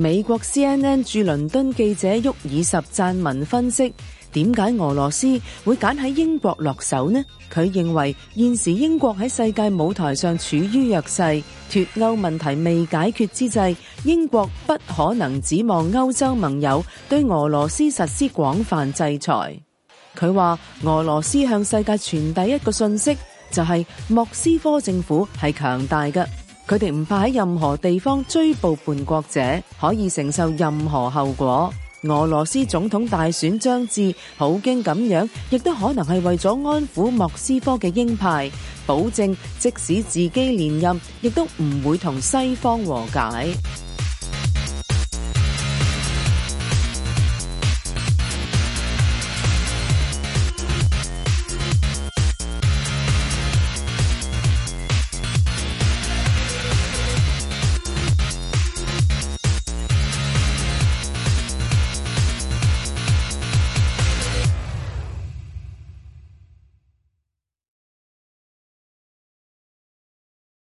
美國 CNN 駐倫敦記者沃爾什撰文分析，點解俄羅斯會揀喺英國落手呢？佢認為現時英國喺世界舞台上處於弱勢，脫歐問題未解決之際，英國不可能指望歐洲盟友對俄羅斯實施廣泛制裁。佢話俄羅斯向世界傳遞一個信息，就係、是、莫斯科政府係強大嘅。佢哋唔怕喺任何地方追捕叛國者，可以承受任何後果。俄羅斯總統大選將至，普京咁樣，亦都可能係為咗安撫莫斯科嘅鷹派，保證即使自己連任，亦都唔會同西方和解。